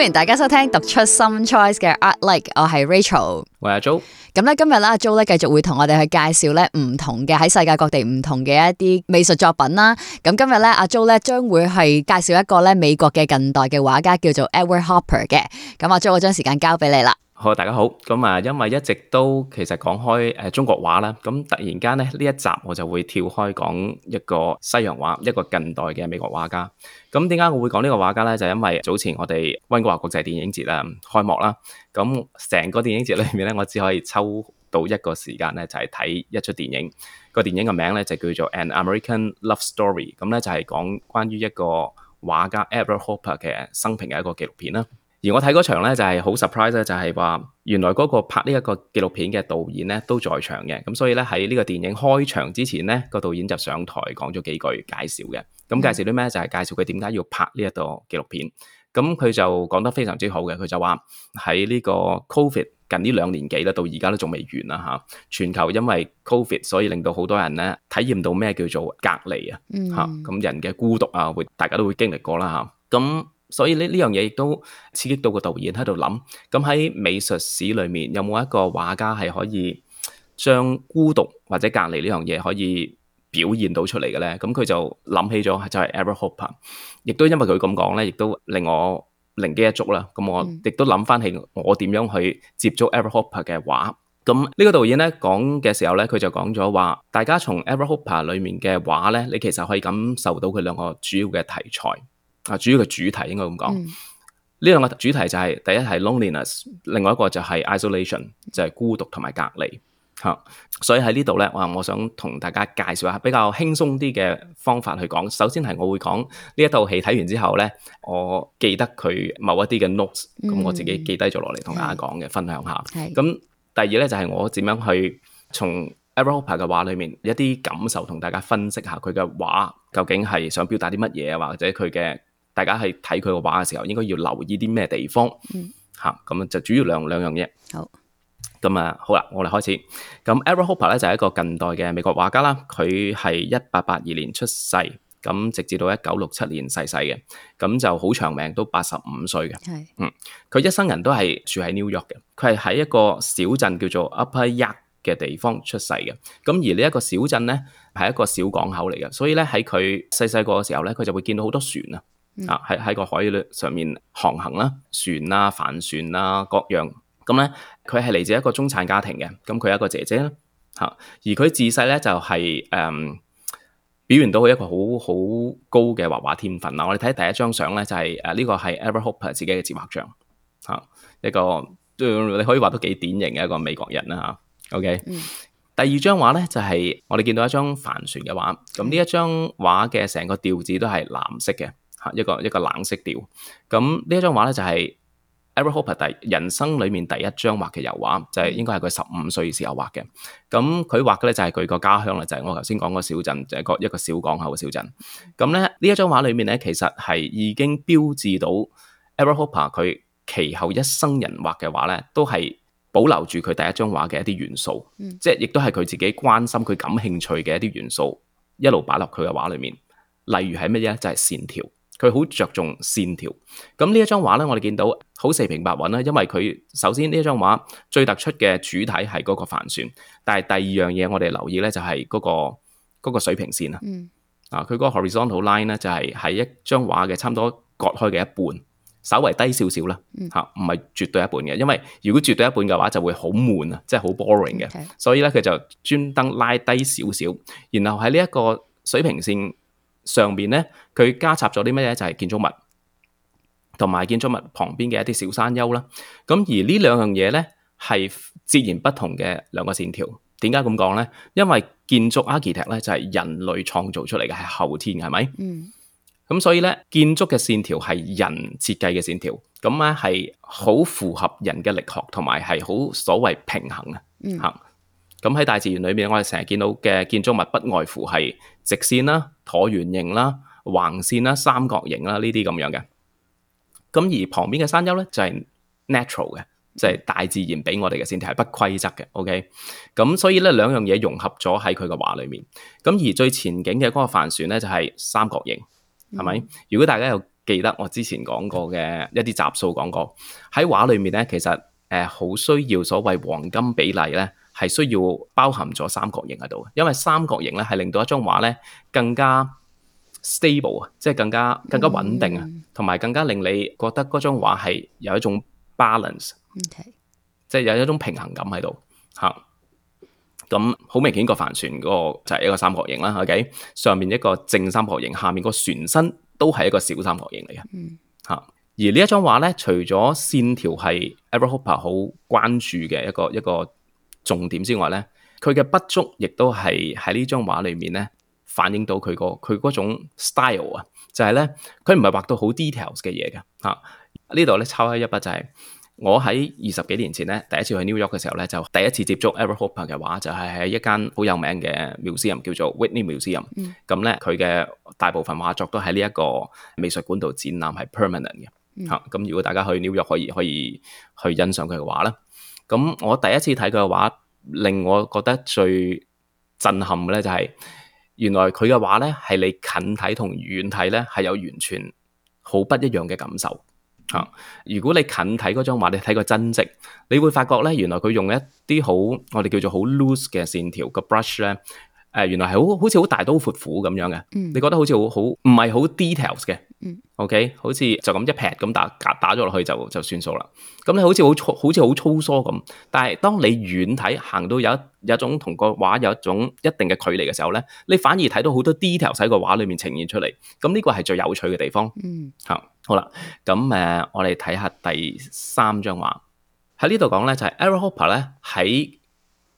歡迎大家收聽讀出心 choice 嘅 Art Like，我係 Rachel，我係阿 Jo。咁咧、啊、今日咧阿 Jo 咧繼續會同我哋去介紹咧唔同嘅喺世界各地唔同嘅一啲美術作品啦。咁今日咧阿 Jo 咧將會係介紹一個咧美國嘅近代嘅畫家叫做 Edward Hopper 嘅。咁阿、啊、Jo，我將時間交俾你啦。好，大家好。咁啊，因為一直都其實講開誒中國畫啦，咁突然間咧呢一集我就會跳開講一個西洋畫，一個近代嘅美國畫家。咁點解我會講呢個畫家咧？就因為早前我哋溫哥華國際電影節啦開幕啦，咁成個電影節裏面咧，我只可以抽到一個時間咧，就係睇一出電影。個電影嘅名咧就叫做《An American Love Story》。咁咧就係講關於一個畫家 Edward Hopper 嘅生平嘅一個紀錄片啦。而我睇嗰場咧，就係好 surprise 咧，就係、是、話原來嗰個拍呢一個紀錄片嘅導演咧都在場嘅，咁所以咧喺呢個電影開場之前咧，個導演就上台講咗幾句介紹嘅。咁介紹啲咩就係、是、介紹佢點解要拍呢一個紀錄片。咁佢就講得非常之好嘅，佢就話喺呢個 COVID 近呢兩年幾啦，到而家都仲未完啦嚇。全球因為 COVID 所以令到好多人咧體驗到咩叫做隔離、嗯、啊嚇，咁人嘅孤獨啊會大家都會經歷過啦嚇，咁、啊。所以呢呢樣嘢亦都刺激到個導演喺度諗，咁喺美術史裏面有冇一個畫家係可以將孤獨或者隔離呢樣嘢可以表現到出嚟嘅咧？咁佢就諗起咗就係 Edward Hopper 亦都因為佢咁講咧，亦都令我靈機一觸啦。咁我亦都諗翻起我點樣去接觸 Edward Hopper 嘅畫。咁呢個導演咧講嘅時候咧，佢就講咗話，大家從 Edward Hopper 裏面嘅畫咧，你其實可以感受到佢兩個主要嘅題材。啊，主要嘅主題應該咁講，呢兩、嗯、個主題就係、是、第一係 loneliness，另外一個就係 isolation，就係孤獨同埋隔離。嚇，所以喺呢度咧，我我想同大家介紹下比較輕鬆啲嘅方法去講。首先係我會講呢一套戲睇完之後咧，我記得佢某一啲嘅 notes，咁我自己記低咗落嚟同大家講嘅，嗯、分享下。咁是第二咧就係、是、我點樣去從 Edward Hopper 嘅畫裏面一啲感受，同大家分析下佢嘅畫究竟係想表達啲乜嘢，或者佢嘅。大家係睇佢嘅畫嘅時候，應該要留意啲咩地方？吓咁、嗯啊、就主要兩兩樣嘢好。好，咁啊，好啦，我哋開始。咁 Edward Hopper 咧就係、是、一個近代嘅美國畫家啦。佢係一八八二年出世，咁直至到一九六七年逝世嘅，咁就好長命，都八十五歲嘅。係是，嗯，佢一生人都係住喺 New York 嘅。佢係喺一個小鎮叫做 Upper Y 嘅地方出世嘅。咁而呢一個小鎮咧係一個小港口嚟嘅，所以咧喺佢細細個嘅時候咧，佢就會見到好多船啊。啊，喺喺個海上面航行啦，船啊，帆船啊，各樣咁咧，佢係嚟自一個中產家庭嘅，咁佢有一個姐姐咧，吓，而佢自細咧就係、是、誒、嗯、表現到佢一個好好高嘅畫畫天分啦。我哋睇第一張相咧就係誒呢個係 Edward Hopper 自己嘅自畫像，吓、啊、一個你可以話都幾典型嘅一個美國人啦吓、啊。OK，、嗯、第二張畫咧就係、是、我哋見到一張帆船嘅畫，咁呢一張畫嘅成個調子都係藍色嘅。嚇一個一個冷色調。咁呢一張畫咧就係、是、Edward Hopper 第人生裏面第一張畫嘅油畫，就係、是、應該係佢十五歲嘅時候畫嘅。咁佢畫嘅咧就係佢個家鄉啦，就係我頭先講個小鎮，就係、是、個、就是、一個小港口嘅小鎮。咁咧呢一張畫裏面咧，其實係已經標誌到 Edward Hopper 佢其後一生人畫嘅畫咧，都係保留住佢第一張畫嘅一啲元素，即係亦都係佢自己關心、佢感興趣嘅一啲元素，一路擺落佢嘅畫裏面。例如係乜嘢？就係線條。佢好着重線條，咁呢一張畫咧，我哋見到好四平八穩啦，因為佢首先呢一張畫最突出嘅主體係嗰個帆船，但係第二樣嘢我哋留意咧就係、是、嗰、嗰個水平線、嗯、啊，啊佢嗰個 horizontal line 咧就係、是、喺一張畫嘅差唔多割開嘅一半，稍微低少少啦，嚇唔係絕對一半嘅，因為如果絕對一半嘅話就會好悶啊，即係好 boring 嘅，okay. 所以咧佢就專登拉低少少，然後喺呢一個水平線。上面咧，佢加插咗啲乜嘢？就係、是、建築物，同埋建築物旁邊嘅一啲小山丘啦。咁而兩呢兩樣嘢咧，係截然不同嘅兩個線條。點解咁講咧？因為建築 architecture 咧就係人類創造出嚟嘅，係後天嘅，係咪？嗯。咁所以咧，建築嘅線條係人設計嘅線條，咁咧係好符合人嘅力學，同埋係好所謂平衡啊。嗯。好。咁喺大自然裏面，我哋成日見到嘅建築物不外乎係直線啦、啊、橢圓形啦、啊、橫線啦、啊、三角形啦呢啲咁樣嘅。咁而旁邊嘅山丘咧就係、是、natural 嘅，即、就、係、是、大自然俾我哋嘅線條係不規則嘅。OK，咁所以咧，兩樣嘢融合咗喺佢個畫裏面。咁而最前景嘅嗰個帆船咧就係、是、三角形，係咪？嗯、如果大家有記得我之前講過嘅一啲集數講過喺畫裏面咧，其實誒好、呃、需要所謂黃金比例咧。係需要包含咗三角形喺度，因為三角形咧係令到一張畫咧更加 stable 啊，即係更加更加穩定啊，同埋、mm hmm. 更加令你覺得嗰張畫係有一種 balance，Okay. 即係有一種平衡感喺度吓。咁、啊、好明顯個帆船嗰個就係一個三角形啦，OK？上面一個正三角形，下面個船身都係一個小三角形嚟嘅吓。而一張畫呢一張畫咧，除咗線條係 Edward Hopper 好關注嘅一個一個，一個一個重點之外咧，佢嘅不足亦都係喺呢張畫裏面咧反映到佢個佢嗰種 style 啊，就係咧佢唔係畫到好 details 嘅嘢嘅嚇。呢度咧抄開一筆，就係我喺二十幾年前咧第一次去 New York 嘅時候咧，就第一次接觸 Edward Hopper 嘅畫，就係喺一間好有名嘅 museum 叫做 Whitney Museum、嗯。咁咧佢嘅大部分畫作都喺呢一個美術館度展覽，係 permanent 嘅嚇。咁、啊嗯嗯、如果大家去 New York，可以可以去欣賞佢嘅畫啦。咁我第一次睇佢嘅畫，令我覺得最震撼嘅咧、就是，就係原來佢嘅畫咧，係你近睇同遠睇咧，係有完全好不一樣嘅感受嚇、嗯啊。如果你近睇嗰張畫，你睇個真跡，你會發覺咧，原來佢用一啲好我哋叫做好 loose 嘅線條嘅 brush 咧，誒、呃、原來係好好似好大刀闊斧咁樣嘅，嗯、你覺得好似好好唔係好 details 嘅。o、okay? k 好似就咁一劈，咁打打打咗落去就就算數啦。咁你好似好粗，好似好粗疏咁。但係當你遠睇，行到有一有一種同一個畫有一種一定嘅距離嘅時候咧，你反而睇到好多 detail 喺個畫裏面呈現出嚟。咁呢個係最有趣嘅地方。嗯，吓好啦。咁誒，我哋睇下第三張畫喺呢度講咧，就係 Edward Hopper 咧喺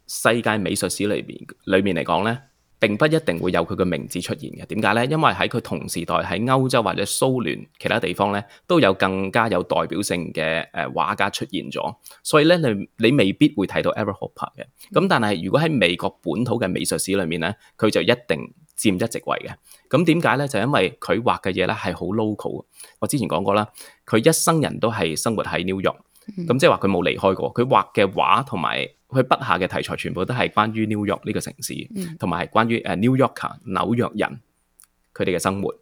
世界美術史裏邊裏面嚟講咧，並不一定會有佢嘅名字出現嘅，點解咧？因為喺佢同時代喺歐洲或者蘇聯其他地方咧，都有更加有代表性嘅誒畫家出現咗，所以咧你你未必會睇到 Edward Hopper 嘅。咁但係如果喺美國本土嘅美術史裏面咧，佢就一定佔一席位嘅。咁點解咧？就因為佢畫嘅嘢咧係好 local。我之前講過啦，佢一生人都係生活喺 New York，咁即係話佢冇離開過，佢畫嘅畫同埋。佢筆下嘅題材全部都係關於 New York 呢個城市，同埋係關於誒 New Yorker 紐約人佢哋嘅生活，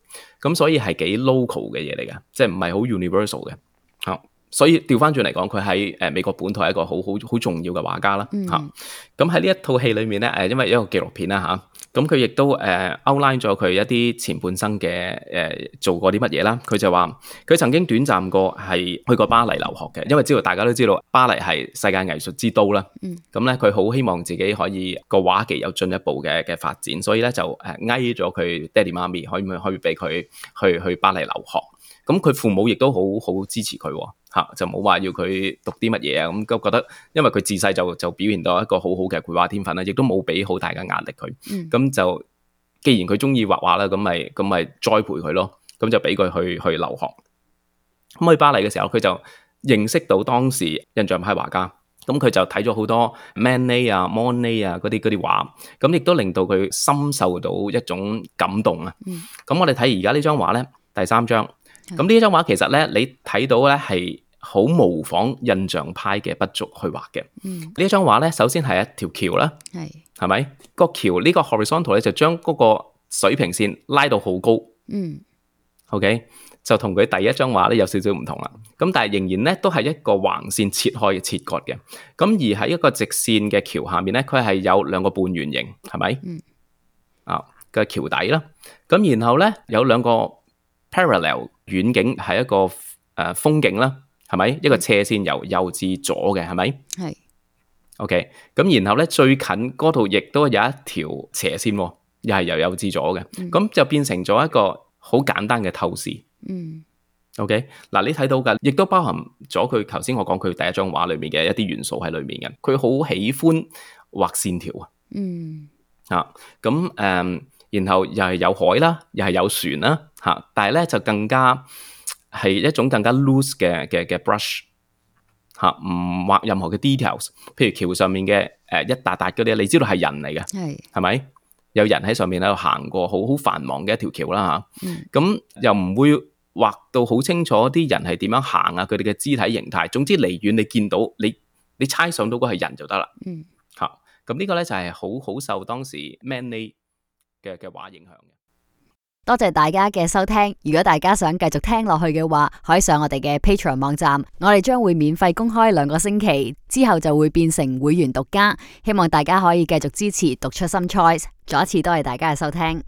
咁所以係幾 local 嘅嘢嚟嘅，即係唔係好 universal 嘅。好，所以調翻轉嚟講，佢喺誒美國本土係一個好好好重要嘅畫家啦。嚇，咁喺呢一套戲裏面咧，誒因為有一個紀錄片啦嚇。咁佢亦都誒 outline 咗佢一啲前半生嘅誒、呃、做過啲乜嘢啦，佢就話佢曾經短暫過，係去過巴黎留學嘅，因為知道大家都知道巴黎係世界藝術之都啦。嗯，咁咧佢好希望自己可以個畫技有進一步嘅嘅發展，所以咧就誒嗌咗佢爹哋媽咪，可以唔可以可以俾佢去去巴黎留學。咁佢父母亦都好好支持佢，哦，吓就冇話要佢讀啲乜嘢啊。咁、嗯、覺得因為佢自細就就表現到一個好好嘅繪畫天分啦，亦都冇俾好大嘅壓力佢。咁、嗯、就既然佢中意畫畫啦，咁咪咁咪栽培佢咯。咁就俾佢去去留學。咁去巴黎嘅時候，佢就認識到當時印象派畫家。咁佢就睇咗好多 Manet 啊、Monet 啊嗰啲嗰啲畫，咁亦都令到佢深受到一種感動啊。咁、嗯、我哋睇而家呢張畫咧，第三張。咁呢一張畫其實咧，你睇到咧係好模仿印象派嘅筆觸去畫嘅。嗯、張畫呢一張畫咧，首先係一條橋啦，係咪是、個橋呢個 horizontal 咧就將嗰個水平線拉到好高。嗯，OK 就同佢第一張畫咧有少少唔同啦。咁但係仍然咧都係一個橫線切開嘅切割嘅。咁而喺一個直線嘅橋下面咧，佢係有兩個半圓形，係咪？嗯，啊嘅、哦、橋底啦。咁然後咧有兩個 parallel。遠景係一個誒、呃、風景啦，係咪一個斜線由右至左嘅，係咪？係是。OK，咁然後咧最近嗰度亦都有一條斜線，哦，又係由右至左嘅，咁、嗯、就變成咗一個好簡單嘅透視。嗯。OK，嗱你睇到㗎，亦都包含咗佢頭先我講佢第一張畫裏面嘅一啲元素喺裏面嘅，佢好喜歡畫線條，嗯、啊。嗯。啊，咁誒。然後又係有海啦，又係有船啦，嚇！但係咧就更加係一種更加 loose 嘅嘅嘅 brush 嚇，唔畫任何嘅 details。譬如橋上面嘅誒一笪笪嗰啲，你知道係人嚟嘅，係係咪？有人喺上面喺度行過，好好繁忙嘅一條橋啦嚇。咁又唔會畫到好清楚啲人係點樣行啊？佢哋嘅肢體形態，總之離遠你見到你你猜想到個係人就得啦。嚇！咁呢個咧就係好好受當時 man 嘅嘅話影響嘅，多謝大家嘅收聽。如果大家想繼續聽落去嘅話，可以上我哋嘅 Patreon 網站，我哋將會免費公開兩個星期，之後就會變成會員獨家。希望大家可以繼續支持讀 Some Choice。再一次多謝大家嘅收聽。